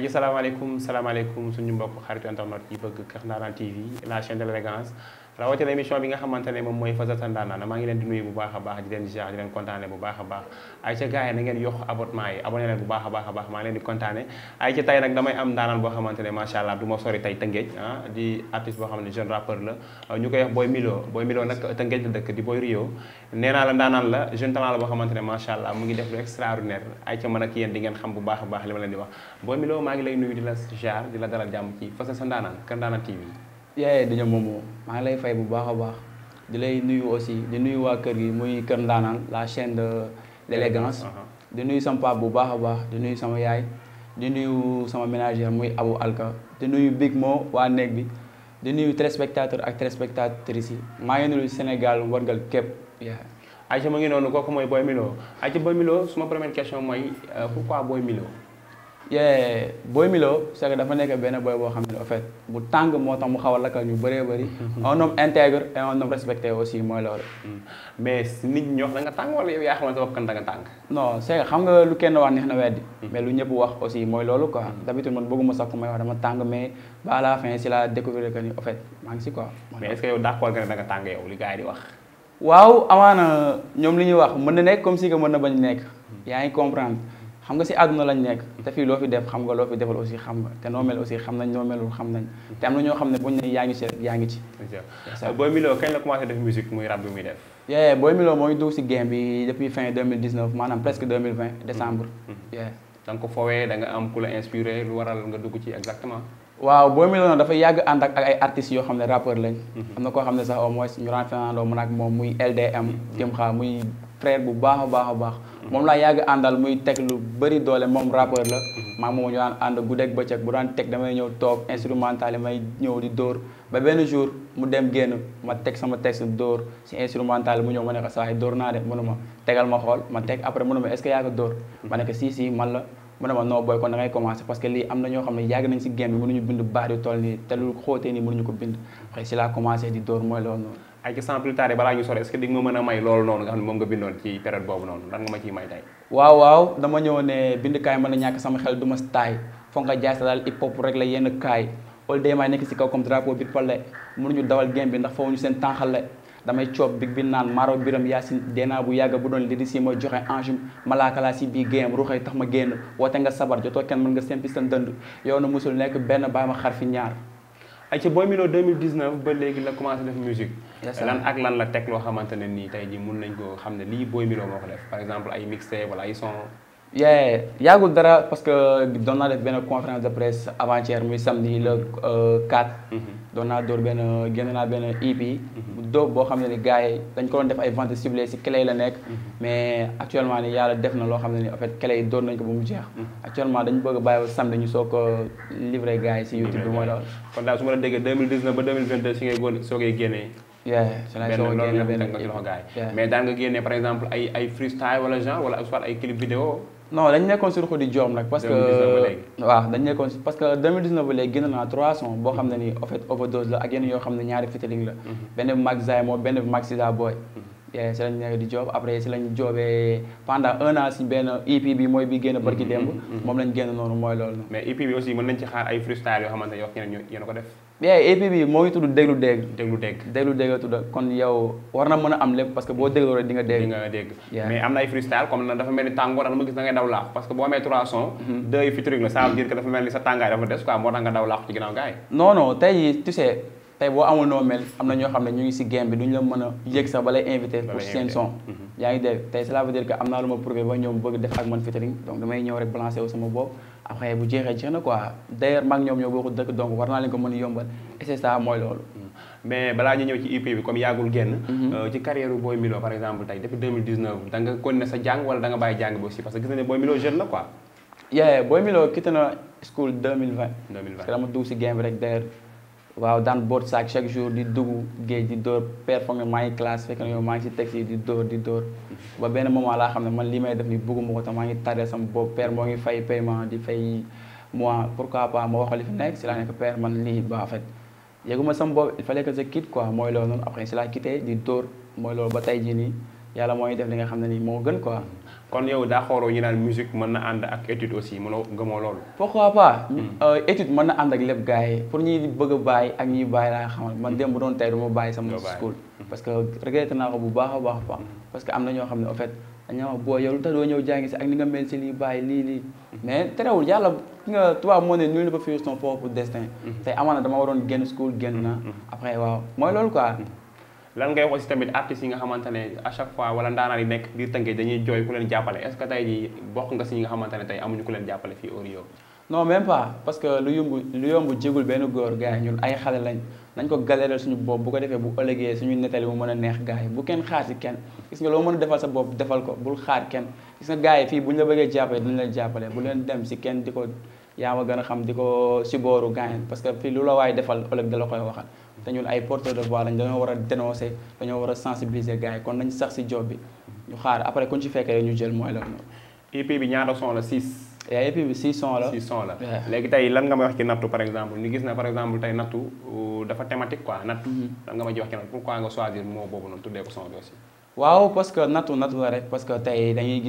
aji salaamaaleykum salaamaaleykum suñu mbokk xaritu internet yi bëgg Kër Ndanane TV la chaîne de l'élégance rawatina émission bi nga xamante ne moom mooy maa ngi leen di nuyu bu baax a baax di leen ziar di leen kontaane bu baax a baax a baax a baax maa ne macha allah ah, boo la ah, ñu koy wax Boy Milo Boy Milo nag Tëngéej la dëkk ndaanaan la jeune talent la boo xamante ne macha allah mu ngi def lu bu baax a baax li ma wax Boy Milo maa ngi lay nuyu di la ziar yaay dañoo moomoo maa ngi lay fay bu baax a baax di lay nuyu aussi di nuyu waa kër gi muy Kër Ndaanaan la chaine de l'élégance uh-huh. di nuyu sama pap bu baax a baax di nuyu sama yaay di nuyu sama ménagère muy Abu Alka di nuyu Big moo waa néeg bi di nuyu téléspectateur ak téléspectatrices yi maa ngi nuyu Sénégal warngal képp yaay Aïcha ma ngi noonu kooku mooy Boy Milo Aïcha Boy Milo suma première question mooy euh, pourquoi Boy Milo yee booy Milo c'est que dafa nekk benn booy boo xam ne en bu tàng moo tax mu xaw a lakkal ñu bëree bëri. Mm-hmm. un homme intègre et un homme respecté aussi mooy loolu. Mm. mais nit ñi wax da nga tàng wala yaa xamante ne bopp kan da tàng. mais lu la fin si la découvrir que ni en maa ngi si quoi. mais est-ce que yow d'accord tàng yow li gars yi di wax. waaw amaana ñoom li ñuy wax mën na nekk comme si que mën na bañ nekk. Mm. yaa ngi comprendre. xam nga si àdduna lañ nekk te fii loo fi def xam nga loo fi defal aussi xam nga te noo mel aussi xam nañ noo melul xam nañ te am na ñoo xam ne buñ ne mm-hmm. Mm-hmm. da nga ko foowee da nga am ku dafa yàgg ànd ak ay artistes yoo xam ne rappeur lañ mm-hmm. am na koo xam ne sax o moins ñu renfénandoo ak moom muy LDM Dimxa muy frère bu baax a baax a baax moom laa yàgg àndal muy teg lu bëri doole moom rappeur la maa moom ñu daan ànd guddeeg bëccëg bu daan teg damay ñëw toog instrumental yi may ñëw di dóor ba benn jour mu dem génn ma teg sama texte dóor si instrumental mu ñëw ma ne ko dóor naa de mënu ma tegal ma xool ma teg après mënu ma est ce que yaa ko dóor ma ne ko si man la mu ne booy kon da ngay parce que lii am na ñoo xam ne yàgg nañ si game bi mënuñu bind baax di toll nii te lu ko bind après commencé di dóor mooy loolu ay ci sans plus tarder balaa ñu sore est di ma mën a may loolu noonu nga xam ne moom nga bindoon ci période boobu noonu lan ma ciy may tey waaw waaw dama ñëw ne bindukaay mën a ñàkk sama xel du ma taay foog nga jaay sa daal hip rek la yenn kaay wala day nekk si kaw comme drapeau bi pale mënuñu dawal game bi ndax foofu ñu seen tànqale damay coob big bi naan maaro biram yaasin deenaa bu yàgg bu doon lidi si ma joxe ange malaaka laa si bii géem ruuxee tax ma génn woote nga sabar jotoo kenn mën nga sempi sa dënd yow na musul nekk benn bàyyi ma xar fi ñaar ay ci Boy Milo 2019 ba léegi la commencé def musique lan ak lan la teg loo xamante ne nii tey ji mun nañ ko xam ne lii Boy Milo moo ko par exemple ay mixtape wala ay son yee yàggul dara parce que doon naa def benn conférence de presse avant-hier muy samedi le 4. Euh, mhm. doon naa dóor benn génn naa benn ii bi dóob boo xam ne ni gars yi dañ ko doon def ay ventes ciblées si clé yi la nekk. Mhm. mais actuellement ni yàlla def na loo xam ne ni en fait clé yi doon nañ ko ba mu jeex. Mhm. actuellement dañu bëgg a bàyyi samedi ñu soog ko livré gars yi YouTube bi mooy loolu. kon daal su ma déggee deux mille dix ba deux mille vingt deux si ngay góor soo a génne benn loolu nga ci loxo gars yi. mais daan nga génne par exemple ay ay freestyle wala genre wala soit non dañ nekkoon si ruxu di joom nag parce que waaw dañ nekkoon si parce que 2019 ba léegi génn naa trois sons boo xam ne ni en fait overdose la ak yenn yoo xam ne ñaari featuring la mhm. benn bi Max Zymo benn bi Max Sida Boy yee mhm. si lañ nekk di joob après si lañ joobee pendant un an si benn EP bi mooy bi génn barki mhm. moom lañ génn noonu mooy loolu mais EP bi aussi mën nañ ci xaar ay freestyle yoo xamante yoo xam ne yéen ko def mais EP bi moo ngi tudd déglu dégg déglu dégg déglu dégg tudd kon yow war na mën a am lépp parce boo dégloo rek di nga dégg di nga dégg mais am na dafa mel ni tàngoor dama gis da ngay daw laax parce que boo amee trois sons mm-hmm. deux sa tàngaay dafa des quoi moo tax nga daw laax ci ginnaaw gars yi am na ñoo xam ne ñu ngi si game bi duñu la mën a yëg sax ba invité pour seen mm-hmm. yaa ngi dégg tey cela veut dire que am naa lu ma prouvé ba ñoom bëgg def ak man featuring donc damay ñëw rek balancé sama bopp après bu jeexee jeex na quoi d'ailleurs maa ngi ñoom ñoo bokk dëkk donc war naa leen ko mën yombal et c'est mooy loolu. mais balaa ñu ñëw ci EP comme yàggul génn. Mhm. Euh, ci carrière Boy Milo par exemple tey depuis 2019 da nga continuer sa jàng wala da bàyyi jàng bi aussi parce que gis nañu ne Boy Milo jeune la quoi. yeah Boy Milo quitté na school 2020. 2020 parce que dama dugg si game bi waaw daan boot saak chaque jour di dugg géej di dóor performé maa ngi classe fekk na yow maa ngi si taxi di dóor di dóor ba benn moment laa xam ne man li may def ni bëgguma ko tam maa ngi tardé sama boob père moo ngi fay paiement di fay moi pourquoi pas ma wax fi nekk si laa nekk père man lii ba en fait yëguma sama bopp il fallait que je quitte quoi mooy loolu noonu après si laa quitté di dóor mooy loolu ba tey jii nii yàlla mooy def li nga xam ne nii moo gën quoi kon yow daa xooloo ñu naan musique mën na ànd ak étude aussi mënoo gëmoo loolu. pourquoi pas. Hmm. Euh, étude mën na ànd ak lépp gars yi pour ñi bëgg a bàyyi ak ñi bàyyi laa xamal man dem hmm. bu doon tey du ma bàyyi sama school. Hmm. parce que regretté naa ko bu baax a baax a parce que am na ñoo xam ne en fait dañoo wax boo yow lu tax doo ñëw jàngi si ak ni nga mel si lii bàyyi lii lii. mais terewul yàlla ki nga tubaab moo ne nul ne peut fuir son propre destin. tey amaana dama waroon génn school génn na. après mooy loolu quoi. lan ngay wax si tamit artistes yi nga xamante ne à chaque fois wala ndaanaan yi nekk biir tënkee dañuy jooy ku leen jàppale est-ce que tey jii bokk nga si ñi nga xamante ne tey amuñu ku leen jàppale fii au Rio non même pas que lu yomb lu yomb jégul benn góor gars yi ñun ay xale lañ nañ ko galéral suñu bopp bu ko defee bu ëllëgee suñu nettali mu mën a neex gars bu kenn xaar si kenn gis nga loo mën a defal sa bopp defal ko bul xaar kenn gis nga gars yi fii bu ñu la bëggee jàppale dañ la jàppale bu leen dem si kenn di ko yaa ma a xam di ko si booru gars parce que fii lu la waaye defal ëllëg da la koy waxal te ñun ay porteur de voix lañ dañoo war a dénoncer dañoo war a sensibiliser gars kon nañ sax si job bi ñu xaar après kuñ ci fekkee ñu jël mooy la noonu. EP bi ñaata son la 6. EP bi 6 son la 6 son la. léegi tey lan nga may wax ci nattu par exemple ñu gis na par exemple tey nattu euh, dafa thématique quoi nattu. Mm-hmm. lan nga ma wax ci nattu pourquoi nga choisir mot boobu noonu tuddee ko son bi aussi. waaw parce que nattu nattu la rek parce que tey dañuy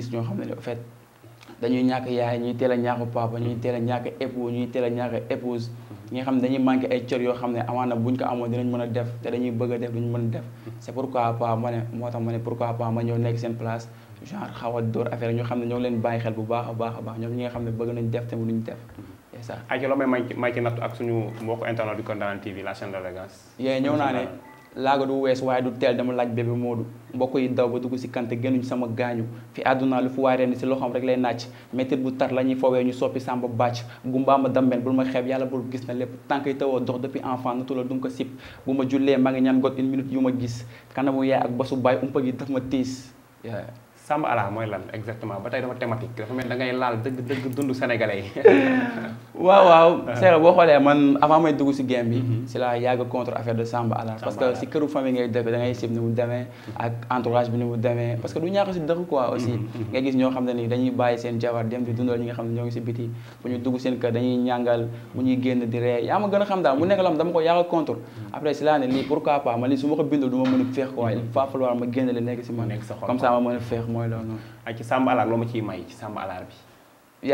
dañuy ñàkk yaay ñuy teel a ñàkk papa ñuy teel ñàkk époux ñuy teel ñàkk épouse ñi xam ne dañuy manqué ay cër yoo xam ne amaana buñ ko amoon dinañ mën a def te dañuy bëgg a def duñ mën a def moo tax ma ne pourquoi pas ma ñëw nekk seen place genre xaw a dóor affaire xam ne ñoo ngi leen bàyyi xel bu baax a baax a baax ñoom ñi nga xam ne bëgg nañ def te mënuñ def c'est ça ay ci loo may may ci nattu ak suñu mbokk internet du Condamné TV la chaîne de l'élégance ñëw naa laaga du wees waaye du teel dama laaj bébé Modou mbokk yi daw ba dugg si kante génnuñ sama gaañu fi àdduna lu fi waay reen si loxoom rek lay nàcc métit bu tar la ñuy fowee ñu soppi sàmba bàcc a damben bu ma xeeb yàlla bul gis na lépp tànk yi tawoo dox depuis enfant natu la dum ko sip bu ma jullee maa ngi ñaan got une minute yu ma gis kanamu yaay ak basu baay umpa gi daf ma tiis Samba Ala mooy lan exactement ba tey dafa thématique dafa mel da laal dëgg dëgg dundu sénégalais waaw waaw Seydou boo xoolee man avant may dugg si game bi. si la yàgg contre affaire de Samba Ala. parce que si këru famille ngay dëkk da sib ni mu demee ak entourage bi ni mu demee parce que du ñàkk si dëkk quoi aussi. nga gis ñoo xam ne ni dañuy bàyyi seen jabar dem di dundal ñi nga xam ne ñoo ngi si biti bu ñu dugg seen kër dañuy ñàngal a mu a a mooy loolu noonu ak ci sàmba alaar ma ciy may ci sàmba alaar bi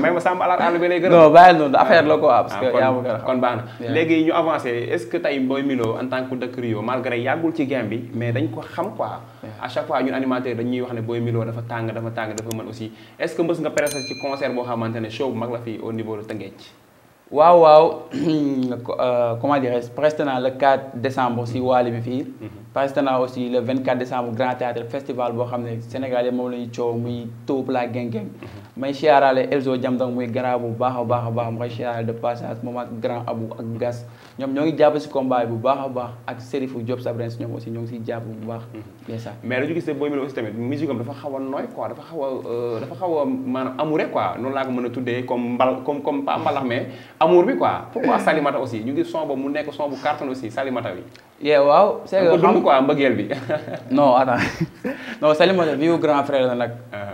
may ma sàmm alaar àll bi lay gën non bàyyi noonu affaire la quoi ah, parce que yaa ma gën a kon baax na léegi ñu avancé est-ce que tey Boy Milo en tant que dëkk Rio malgré yàggul ci game bi mais dañ ko xam quoi à chaque fois ñun animateur dañuy wax ne Boy Milo dafa tàng dafa tàng dafa mën aussi est-ce que mës nga pressé ci concert boo xamante ne show bu mag la fii au niveau de Tëngéej waaw waaw euh, comment dirais-je passé naa aussi le 24 décembre Grand Théâtre festival boo xam ne Sénégal yi moom la ñuy coow muy Teuw Plac Geng Geng may siyaaraale Elzo Jamdong muy grand bu baax a baax a baax may siyaaraale de passage moom ak grand Abou ak Gas ñoom ñoo ngi jàpp si combat bu baax a baax ak Serifou Diop Sabrins ñoom aussi ñoo ngi siy jàpp bu baax. Mm-hmm. mais dañu gis ne tamit musique dafa xaw a nooy dafa xaw a euh, dafa xaw a maanaam noonu laa ko mën a tuddee comm mbal comme comme pas mbalax mais mu nekk son bu carton aussi Salimata yeah waaw. c'est que xam quoi mbëggeel bi. non attends non Salim Wade vieux grand frère la nag. Uh-huh.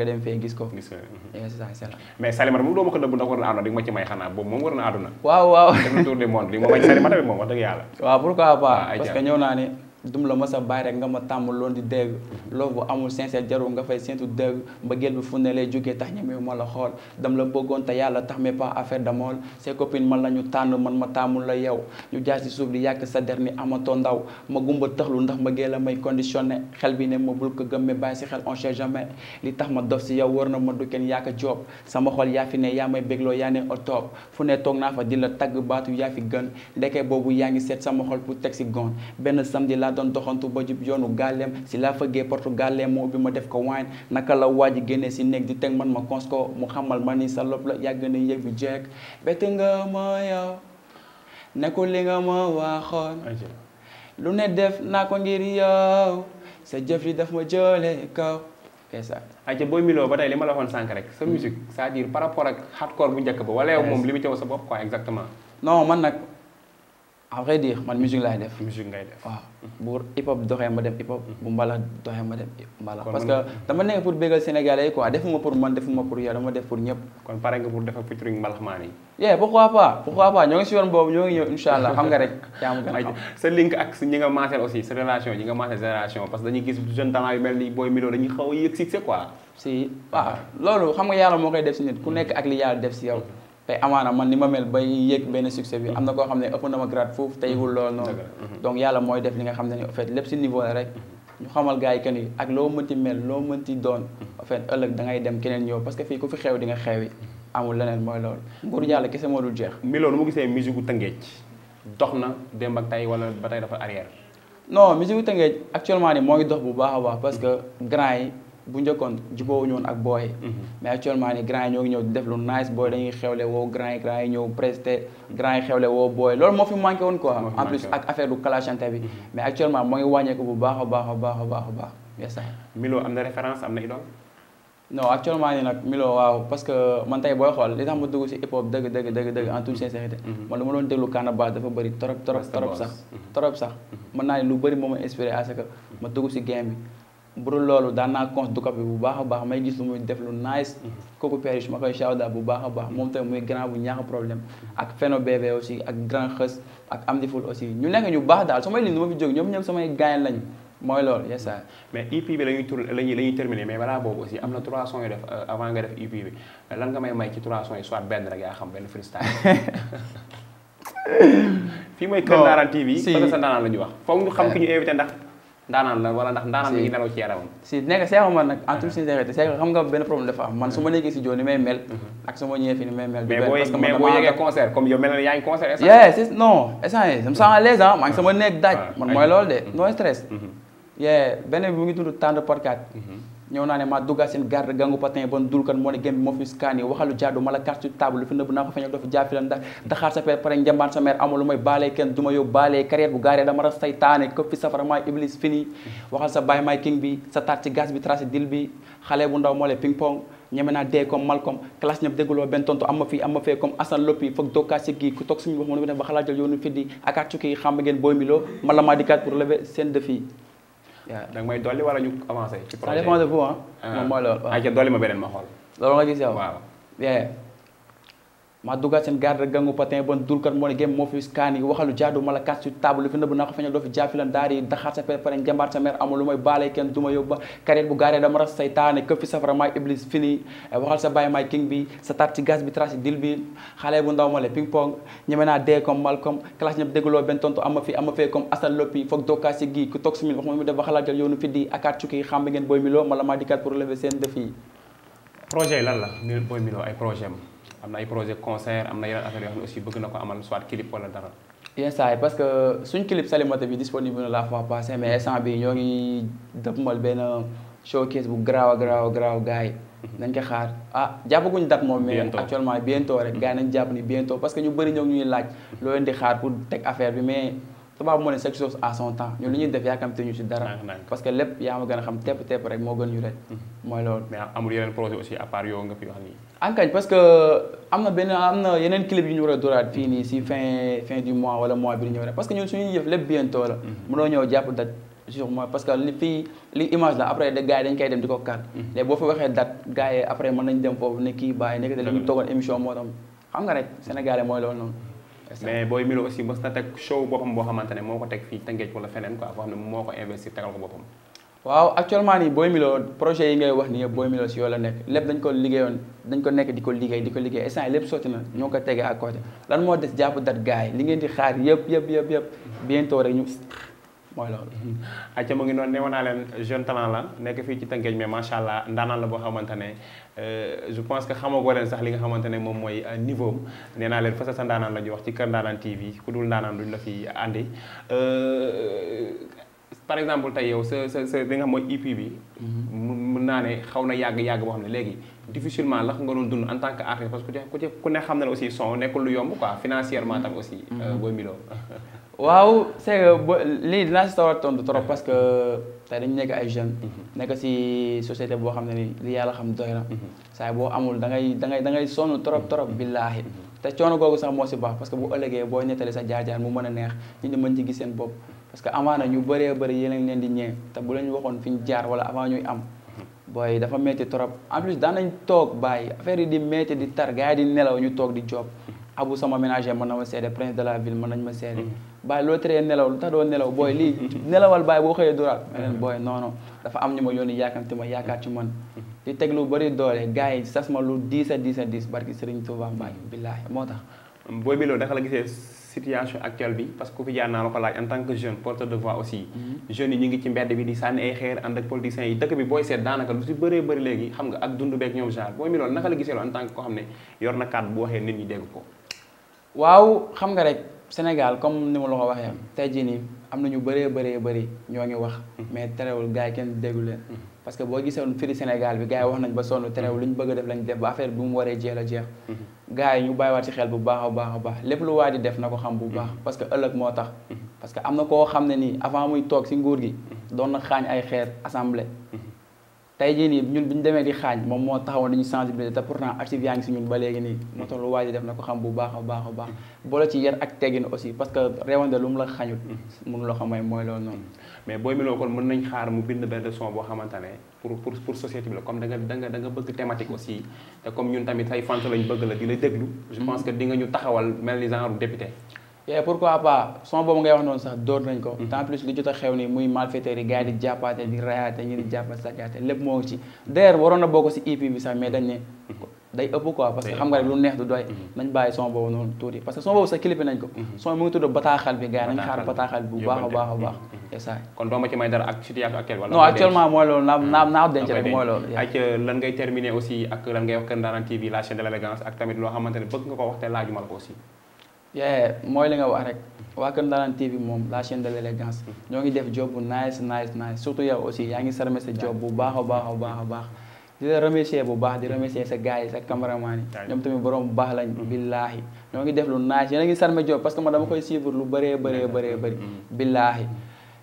nga dem fee gis ko gis ko mais Salimata mu doo ko dëbb ndax war na àdduna di ma ci may xanaa boobu moom war na àdduna waaw waaw def na tour du monde li moom Salimata bi moom wax dëgg yàlla waaw pourquoi pas parce que ñëw naa ni dum la ma sa bàyyi rek nga ma tàmm lool di dégg loo bu amul sincère jarul nga fay séntu dégg mbëggeel bi fu ne lay jógee tax ñemewu ma la xool dam la bëggoon te yàlla tax mais pas affaire d'amour ses copines man la ñu tànn man ma tàmmul la yow ñu jaar ci suuf di yàq sa der ni amatoo ndaw ma gumba taxlu ndax mbëggeel la may conditionné xel bi ne ma bul ko gëm mais bàyyi si xel on sait li tax ma dof si yow war na ma du kenn yaa ko joob sama xol yaa fi ne yaa may bégloo yaa ne otoog fu ne toog naa fa di la tagg baatu yaa fi gën ndeke boobu yaa ngi seet sama xol pour teg laa doon doxantu ba jub yoonu gàlleem si laa fëggee porte gàlleem moo ubbi ma def ko wine naka la waa ji génnee si néeg di teg man ma cons ko mu xamal ma ni sa lob la yàgg na yëg bi jekk bett nga ma yow nekkul li nga ma waxoon lu ne def naa ko ngir yow sa jëf yi daf ma jëlee kaw c'est ça ayca booy ba tey li ma la waxoon sànq rek sa hmm. musique cest par rapport ak hardcore bu jëkk ba wala yow moom li mu teew sa bopp quoi exactement non man nag à vrai dire man musique laay def. musique ngay def waaw. bu hip hop doxee ma dem hip hop. bu mbalax doxee ma dem mbalax. parce que dama nekk pour bégal Sénégalais yi defuma pour man defuma pour yow dama def pour ñëpp. kon pare nga pour defar featuring mbalax maan yi. yeah pourquoi pas pourquoi pas ñoo ngi si yoon boobu ñoo ngi ñëw incha allah xam nga rek. yaa ma gën a xam sa link ak ñi nga maaseel aussi sa relation ñi nga maaseel génération parce que a yëg moo koy nekk ak li yàlla tey amaana man ni ma mel bay yéeg benn succès bi am na koo xam ne ëpp na ma grade foofu tey wul loolu noonu donc yàlla mooy def li nga xam ne en fait lépp si niveau la rek ñu xamal gars yi que ni ak loo mënti mel loolu nguuru mu gisee musique gu dox na démb ak tey wala ba tey dafa arrière non musique gu tëngeej actuellement ni dox bu baax a baax parce grand yi bu njëkkoon jubóowuñu woon ak booy mhm. mais actuellement ni grand yi ñoo ngi ñëw di def lu nice booy dañuy xewle woo grand yi grand yi ñëw presté grand yi xewle woo booy loolu moo fi manqué woon quoi en plus ak affaire du clashante bi mhm. mais actuellement moo ngi wàññeeku bu baax a baax a baax a baax a baax yes Milo am na référence am na idole non actuellement nii nag Milo waaw parce que man tey booy xool li tax ma dugg si hip hop dëgg dëgg dëgg dëgg en toute sincérité mhm. man lu ma doon déglu Canabasse dafa bëri trop trop trop sax trop sax mën naa lu bëri moo ma inspiré à ce que ma si game bi bu dul loolu daan naa du bi bu baax a baax may gis lu muy def lu nice kooku mm-hmm. père su ma koy shawda bu baax a baax moom tamit muy grand bu ñaax problème ak feno bébé aussi ak ñu nekk ñu baax daal su may lim du ma fi jóg ñoom ñëpp samay gaañ lañu e la ñuy tour mais balaa boobu aussi am na trois sons yu def euh, avant nga def EP bi lan nga may may ci trois yi soit sa ndaanaan la ñu wax foog ñu xam eh. ki ñu invité ndax ndaanaan la wala ndax ndaanaan mi ngi nelaw ci yaramam si nekk Cheikh Omar nag en toute sincérité Cheikh xam nga benn problème dafa am man su ma nekkee si joo may mel mhm. ak su ma ñëwee ni may mel mais boo yeggee concert comme yow mel na yaa ngi concert yeah si non essence sama sans à l'aise ah maa ngi nekk daaj man mooy loolu de mhm. no stress mhm. yeah benn bi mu ngi tudd tendre par quatre ñëw naa ne maa duggaat seen garde gangu patin bon dulkan moo ne gém bi moo fi skaani waxalu jaadu mala carte sur table lu fi nëbb naa ko feñal sa taat ci gaz bi tracé dil bi xale bu ndaw moo le ping pong ñeme naa dee comme Malcolm classe ñëpp dégguloo benn tontu am ma fii am ma fee comme Assane Lopi foog dokkaa si gii ku toog suñu wax mën a def ba xalaat jël yoonu fiddi akaat cukki xam ngeen booy mi loo maa dikkaat pour lever seen danga may dolli wala ñu avancé. ci projet ça dépend de vous ah. moom mooy loolu waaw. ayca ah. dolli ma beneen ma xool. loolu nga gis yow waaw. maa duggaat seen garde gangu patin bon dulkat moo ne gém moo fi kaan yi waxalu jaadu mala kat su table lu fi nëbb naa ko feñal doo fi sa pare njambaat sa eh, bi sa dil bi xale bu ndaw ma le ping pong ñeme naa dee comme malcom classe ñëpp dégguloo benn tontu ama fi ama fee comme asal loppi foog dokaa si gii ku toog si min wax ma mu def waxalaat jël yoonu fiddi akaat cukki xam bi ngeen booy miloo mala maa dikkaat pour lever seen défi projet yi projet am na ay projet concert am na yeneen affaire yoo xam ne aussi bëgg na ko amal soit clip wala dara. instant yi parce que suñ clip Salimata bi disponible la fois passée mais instant bi ñoo ngi dëppmal benn showcase bu garaaw garaaw garaaw gars yi. Mhm. nañ ko xaar ah jàppaguñ date moom. mais actuellement bientôt rek mhm. gars nañ jàpp ni bientôt parce que ñu bëri ñoo ngi ñuy laaj. Mhm. loo leen di xaar pour teg affaire bi mais. tubaab moo ne chaque chose à son temps ñun li ñuy def yaakamte ñu si dara parce que lépp yaa ma gën a xam tepp tepp rek moo gën ñu rek mm-hmm. mooy loolu mais ah, parce que ñu war yëf lépp bientôt la mm-hmm. mënoo ñëw jàpp date sur moi parce que fii li image la après de gars dañ koy dem di ko kar léegi mm-hmm. boo fi waxee date gars après mën nañ dem foofu ne kii bàyyi nekk da li ñu toogoon émission moo tam xam nga rek sénégalais mooy loolu noonu mais Boy Milo aussi mës na teg show boppam boo xamante ne moo ko teg fii Tëngéej wala feneen quoi boo xam ne moo ko investir tegal ko boppam waaw actuellement nii Boy Milo projet yi ngay wax ni yëpp Boy Milo si yoo nekk lépp dañ ko liggéeyoon dañ ko nekk di ko liggéey di ko liggéey instant lépp sotti na ñoo ko tegee à côté lan moo des jàpp dat gars yi li ngeen di xaar yëpp yëpp yëpp yëpp bientôt rek mooy loolu acca mu ngi noonu newoon naa leen jeune talent la nekk fii ci Tëngéej mais macha allah ndaanaan la boo xamante ne euh, je pense que xamagoo leen sax li nga xamante ne moom mooy euh, niveau nee naa leen fësal sa ndaanaan la ñu wax ci Kër Ndaanaan TV ku dul ndaanaan duñ la fi àndi euh, par exemple tey yow sa sa sa li nga xam mooy EP bi mën naa ne xaw na yàgg-yàgg boo xam ne léegi difficilement lax nga doon dund en tant que artiste parce que ku ne xam na ne aussi son nekkul lu yomb quoi financièrement tam aussi mm-hmm. waaw c'est ba lii dinaa si sawar tontu trop parce que tey dañu nekk ay jeunes. Mhm. nekk si société boo xam ne ni li yàlla xam doy na. Mhm. saa boo amul da ngay da ngay da sonn trop trop mhm. billaahi te coono googu sax moo si baax parce que bu ëllëgee boo nettali sa jaajaan jaar mu mën a neex ñu ñu mën ci gis seen bopp. parce que amaana ñu bëree bëri yéen a leen di ñee te bu leen waxoon fi ñu jaar wala avant ñuy am. booy dafa metti trop en plus daan nañ toog bàyyi affaire yi di metti di tar gars yi nelaw ñu toog di job abu sama ménager mën na ma seede prince de la mën nañ ma seede. bàyyi loo teree nelaw lu tax doo nelaw booy lii nelawal bàyyi boo xëyee duraat ma leen booy non non dafa am ñu ma yónni yaakamti ma yaakaar ci man di teg lu bëri doole gars sas ma lu diis a diis a diis barki Serigne Touba mm, bi parce que ku fi jaar naa la ko laaj en tant que jeune porteur de voix aussi mm-hmm. jeunes yi ñu ngi ci mbedd bi di sànni ay xeer ànd ak politiciens yi dëkk bi booy seet daanaka lu si bëree bëri léegi xam nga ak dund beeg ñoom genre booy ko waaw Sénégal comme ni ma la ko waxee tey jii nii am na ñu bëree bëree bëri ñoo ngi wax mais terewul gars yi kenn déggu leen mm-hmm. parce que boo gisoon firi Sénégal bi gars yi wax nañ ba sonn terewul lu ñu bëgg a def lañ def ba affaire bi mu waree jeex la jeex mm-hmm. gars yi ñu bàyyiwaat ci xel bu baax a baax a baax lépp lu waa di def na ko xam bu baax mm-hmm. parce que ëllëg moo tax parce que am na koo xam ne nii avant muy toog si nguur gi doon na xaañ ay xeer assemblée tey jii nii ñun bi ñu demee di xaañ moom moo taxawoon dañu sensibiliser te pourtant active yaa ngi si ñun ba léegi nii mm. moo tax lu waa ji def na ko xam bu baax baax baax boole ci yar ak teggin aussi parce que réewande lu mu la xañut mm. mënu la ko mooy loolu noonu mm. mais boo meloo kon mën nañ xaar mu bind benn son boo xamante ne pour pour pour société bi la comme da nga da nga da nga bëgg thématique aussi te comme ñun tamit ay fans lañ bëgg la di la déglu je pense que ñu taxawal mel ni député et pourquoi pas son boobu ngay wax noonu sax dóor nañ ko en mm-hmm. plus li jot a xew ni muy malfaiteurs yi gars yi di jàppaate di rayaate ñi di jàppa sàccaate lépp waroon na bokk si EP bi sax mais dañ ne mm-hmm. day ëpp quoi parce que xam nga mm-hmm. a baax a baax c'est ça kon doo ma ci may dara mooy loolu naa naa naa denc rek mooy loolu ak lan ngay terminer aussi ak lan ngay wax Kër Ndanane TV la chaîne de ak tamit loo xamante ne bëgg nga ko wax te laajuma la ko aussi yee mooy li nga wax rek waa Kër Ndanane TV moom la chaîne de l' élégance ñoo ngi def job bu nice nice nice surtout yow aussi yaa ngi sarme sa job bu baax a baax a baax a baax di la bu baax di remesier sa gars yi sa cameraman yi ñoom tamit borom bu baax lañ billaahi ñoo ngi def lu nice yéen a ngi sarme job parce que man dama koy suivre lu bëree bëree bëree bëri mm-hmm. billaahi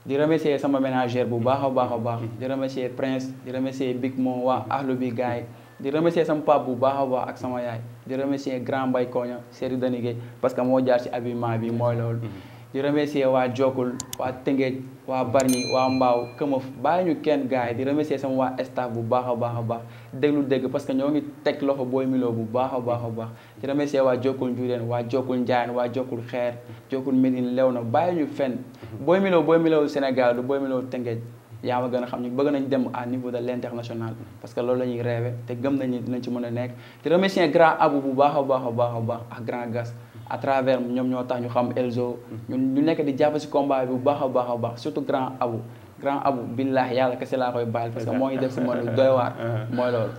di remercier sama ménager bu baax a baax a baax mm-hmm. di remercier Prince di remercier Big Mo waa ahlu bi gars yi di remercier sama pap bu baax a baax ak sama yaay di remercier Grand Mbaye Koña Seri Danigé parce que moo jaar ci habillement bi mooy loolu. Mm-hmm. di remercier waa Jokul waa Tëngéej waa Bargny waa Mbaaw Këmëf bàyyi ñu kenn gars di remercier sama waa staff bu baax a baax a baax déglu dëgg parce que ñoo ngi teg loxo Boy Milo bu baax a baax a baax di remercier waa Jokul Njuréen waa Jokul Njaayeen waa Jokul Xeer Jokul Médine Léona bàyyi ñu fenn mm-hmm. Boy Milo booy Milo Sénégal du Boy Milo Tëngéej yaa ma gën a xam ñu bëgg nañ dem à niveau de l' international parce que loolu la ñuy rêvé te gëm nañu dinañ ci mën a nekk te remercier grand abou bu baax a baax a baax a baax grand gas à travers ñoom ñoo tax ñu xam Elzo ñun ñu nekk di jàpp si combat bu baax a baax a baax surtout grand abou grand abou billaah yàlla kese laa koy bàyyil parce que moo ngi def si mën doy waar mooy loolu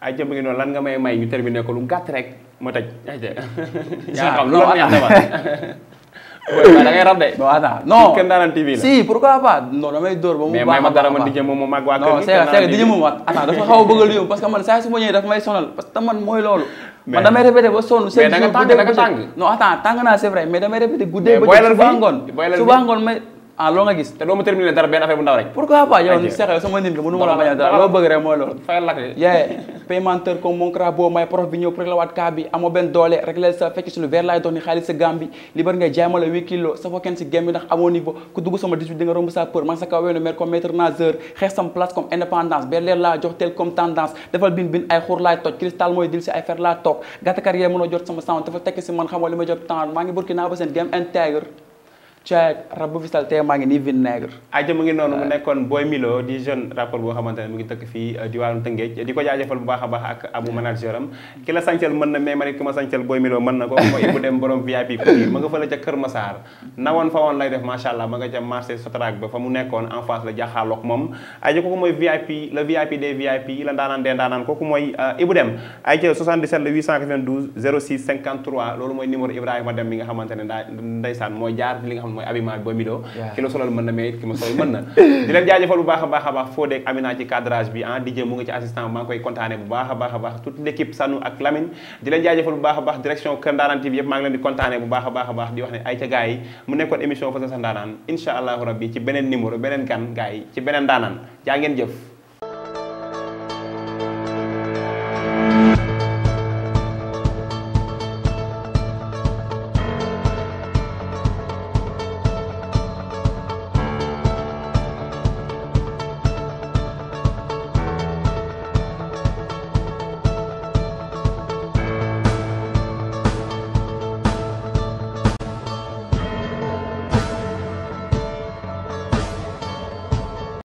ay jëm lan nga may may ñu terminé ko lu gàtt rek ma tëj ay jëm xam lu la neex da ngay rab de. doo attaque non Kër Ndanane TV la si pourquoi pas non damay mu. ma dara man DJ moom moo mag waa kër gi. Kër Ndanane dafa xaw a bëgg a yóbbu man saa su ma ñëwee dafa may sonal parce que man mooy loolu. man damay répété ba sonn. mais da nga tàng da nga tàng non naa c'est vrai mais damay répété guddee ba. mais booy lan fii suba ngoon may. ah loo nga gis te doo ma terminé dara benn affaire doole rek la sa fekk si lu verre amoo niveau ku dugg di nga romb sa peur man benn leer jox tel comme tendance defal bin bin ay xuur laay toj cristal mooy fer laa toog gàtt carrière mënoo jot sama sound dafa tekk si man xamoo li ma jot temps maa ngi Burkina ba seen game intègre caag rab bu fistal tee maa ngi nii vinaigre aja mu ngi noonu mu nekkoon Boy Milo di jeune rapport boo xamante mu ngi dëkk fii euh, di ko jaajëfal bu baax a baax ak abu manager am ki la sañcal mën na mais ma ki ma sañcal Boy Milo mën na ko mooy Ibou Deme borom VIP bi mu nekkoon en face la jaxaaloog moom aja kooku mooy VIP le VIP des VIP la ndaanaan dee ndaanaan kooku mooy euh, Ibou Deme ay ca 77 892 06 53 loolu mooy numéro Ibrahima mooy jaar mooy habillement bi ba Milo ki la solal mën na mais ki ma solal mën na di leen jaajëfal bu baax a baax a baax Fodé ak Amina ci cadrage bi ah DJ mu ngi ci assistant maa ngi koy kontaane bu baax a baax a baax toute l'équipe Sanu ak Lamine di leen jaajëfal bu baax a baax direction Kër Ndaanaan TV yëpp maa ngi leen di kontaane bu baax a baax a baax di wax ne ay ca gars mu nekkoon émission Feusseul sa Ndaanaan incha allahu rabbi yi ci beneen ndaanaan jaa ngeen jëf